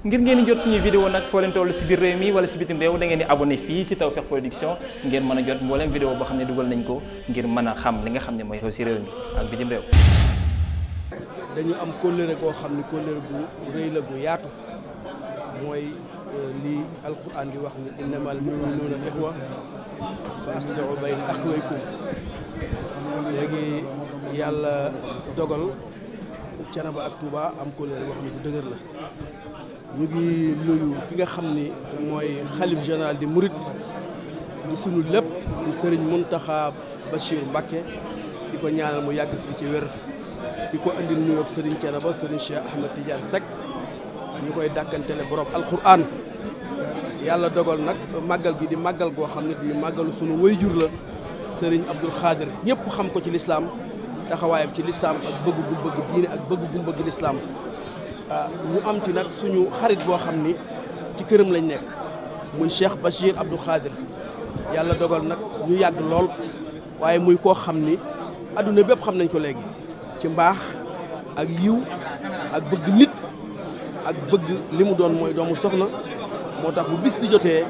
ngir ngeen di jot suñuy vidéo nag foo leen toll si biir réew mi wala si bitim réew da ngeen di abonné fii si Tawfekh Production ngeen mën a jot mbooleem vidéo boo xam ne dugal nañ ko ngir mën a xam li nga xam ne mooy xew si réew mi ak bitim réew dañu am kóllëre goo xam ne kóllëre bu rëy la bu yaatu mooy euh, lii alquran di wax ni innamal mu'minuuna ixwa fa aslihu bayna axawaykum léegi yàlla dogal Thiénaba ak Touba am kóllëre boo xam bu dëgër la ñu ngi nuyu ki nga xam ni mooy xalif général di Mouride di sunu lépp di sëriñ Mountakha Bachir Mbacké di ko ñaanal mu yàgg fii ci wér di ko indi andil nuyoo sëriñ Thiénaba sëriñ Cheikh Ahmed Tidiane Seck ñu koy dàkkantele borom alquran yàlla dogal nag màggal bi di màggal goo xam ne di màggalu sunu wayjur la sëriñ Abdul Xaadir ñëpp xam ko ci lislaam taxawaayam ci lislaam ak bëgg gu bëgg diine ak bëgg gu bëgg lislaam ñu am ci nag suñu xarit boo xam ni ci këram lañ nekk muy Cheikh Bachir Abdou Khadir yàlla dogal nag ñu yàgg lool waaye muy koo xam ni àdduna bépp xam nañ ko léegi ci mbaax ak yiw ak bëgg nit ak bëgg li mu doon mooy doomu soxna moo tax bu bis bi jotee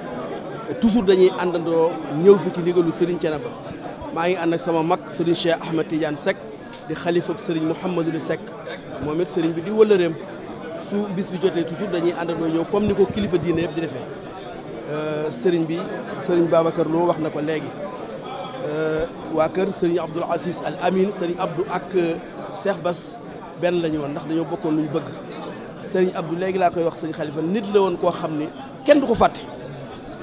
toujours dañuy àndandoo ñëw fi ci ndigalu Serigne ba maa ngi ànd ak sama mag Serigne Cheikh Ahmed Tidiane Seck di xalifab Serigne Mouhamadou Seck moom it Serigne bi di wëllëreem su bis bi jotee toujours dañuy àndandoo ñëw comme ni ko kilifa diine yëpp di defee euh, sëriñ bi sëriñ Babacar Lo wax na ko léegi euh, waa kër sëriñ Abdoul Aziz Al Amin sëriñ Abdou ak seex euh, bas benn la ñu woon ndax dañoo bokkoon lu ñu bëgg sëriñ Abdou léegi laa koy wax sëriñ Khalifa nit la woon koo xam ni kenn du ko fàtte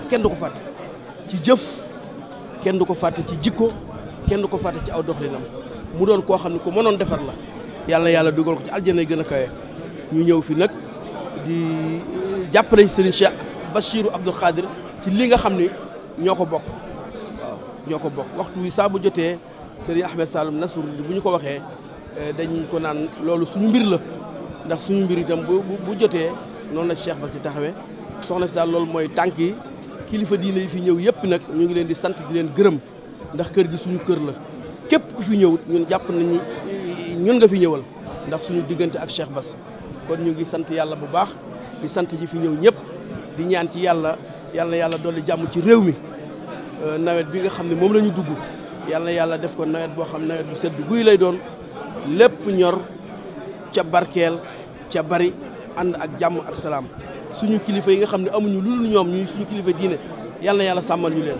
kenn du ko fàtte ci jëf kenn du ko fàtte ci jikko kenn du ko fàtte ci aw doxalinam mu doon koo xam ne ko mënoon defar la yàlla yàlla dugal ko ci aljana yi gën a kawe ñu ñëw fi nag di jàpp euh, jàppale Serigne Cheikh Bachirou Abdoul Khadir ci li nga xam ne ñoo ko bokk waaw ko bokk waxtu wi saa bu jotee Serigne Ahmed Saloum Nassour bu ñu ko waxee euh, dañ ko naan loolu suñu mbir la ndax suñu mbir itam bu jotee noonu la Cheikh ba si taxawee soxna si daal loolu mooy tànk kilifa diine yi fi ñëw yëpp nag ñu ngi leen di sant di leen gërëm ndax kër gi suñu kër la képp ku fi ñëwut ñun jàpp nañu ñun nga fi ñëwal ndax suñu diggante ak Cheikh Bass kon ñu ngi sant yàlla bu baax di sant ji fi ñëw ñëpp di ñaan ci yàlla yàlla na yàlla dolli jàmm ci réew mi euh, nawet bi nga xam ne moom la ñu dugg yàlla na yàlla def ko nawet boo xam nawet bu sedd guy lay doon lépp ñor ca barkeel ca bari ànd ak jàmm ak salaam suñu kilifa yi nga xam ne amuñu lu dul ñoom ñuy suñu kilifa diine yàlla na yàlla sàmmal ñu leen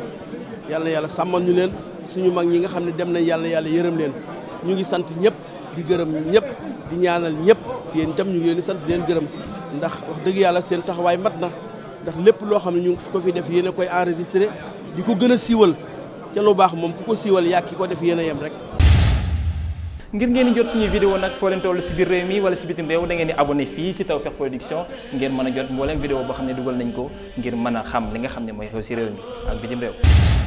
yàlla yàlla sàmmal ñu leen suñu mag ñi nga xam ne dem nañ yàlla yàlla yërëm leen ñu ngi sant ñëpp di gërëm ñëpp di ñaanal ñëpp yéen itam ñu ngi leen di sant leen gërëm ndax wax dëgg yàlla seen taxawaay mat na ndax lépp loo xam ne ñu ko fi def yéen koy enregistré di ko gën a siiwal ca lu baax moom ku ko siiwal yaa ki ko def yéen a yem rek. ngir ngeen di jot suñuy vidéo nag foo leen toll si biir réew mi wala si bitim réew da ngeen di abonné fii si Tawfekh Production ngeen mën a jot mbooleem vidéo boo xam ne dugal nañ ko ngir mën a xam li nga xam ne mooy xew si réew mi ak bitim